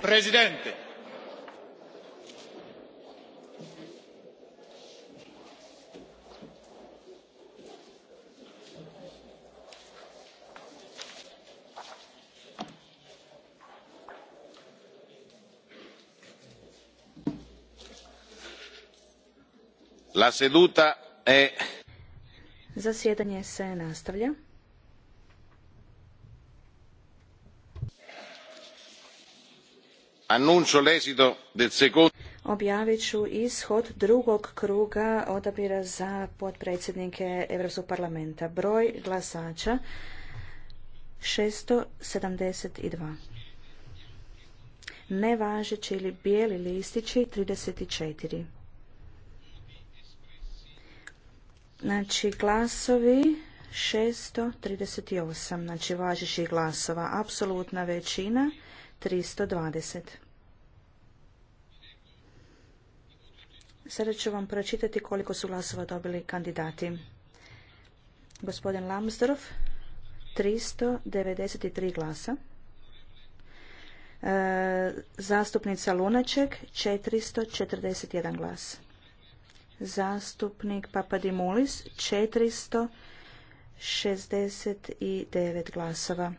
presidente la seduta è zasjedanje se nastavlja objavit ću ishod drugog kruga odabira za potpredsjednike Europskog parlamenta. Broj glasača 672. Nevažeći ili bijeli listići 34. Znači glasovi 638, znači važećih glasova. Apsolutna većina 320. Sada ću vam pročitati koliko su glasova dobili kandidati. Gospodin Lambsdorff 393 glasa. E, zastupnica Lunaček 441 glas. Zastupnik Papadimulis 469 glasova.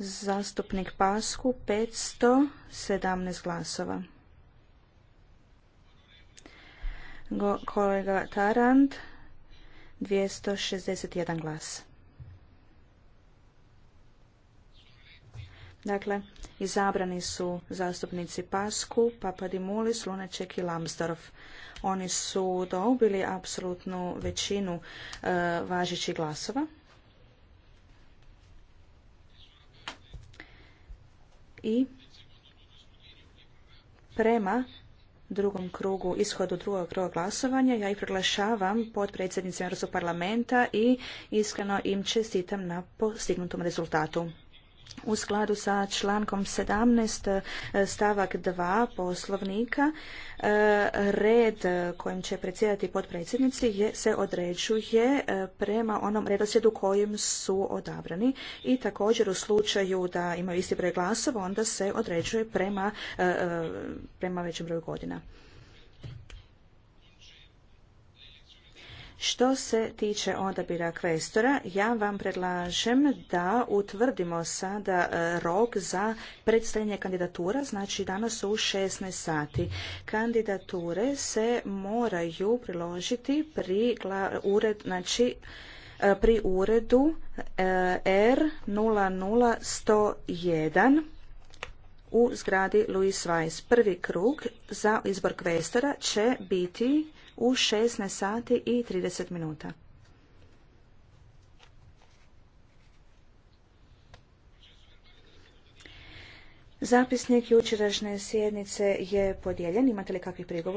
Zastupnik Pasku 517 glasova. kolega Tarand 261 glas. Dakle, izabrani su zastupnici Pasku, Papadimulis, Lunaček i Lamsdorf. Oni su dobili apsolutnu većinu eh, važećih glasova. i prema drugom krugu, ishodu drugog kruga glasovanja. Ja ih proglašavam predsjednicima Europskog parlamenta i iskreno im čestitam na postignutom rezultatu u skladu sa člankom 17 e, stavak 2 poslovnika e, red kojim će predsjedati potpredsjednici je, se određuje e, prema onom redoslijedu kojim su odabrani i također u slučaju da imaju isti broj glasova onda se određuje prema, prema većem broju godina. Što se tiče odabira kvestora, ja vam predlažem da utvrdimo sada e, rok za predstavljanje kandidatura, znači danas u 16 sati. Kandidature se moraju priložiti pri ured, znači e, pri uredu e, R00101 u zgradi Louis Weiss. Prvi krug za izbor kvestora će biti u 16 sati i 30 minuta. Zapisnik jučerašnje sjednice je podijeljen. Imate li kakvih prigovora?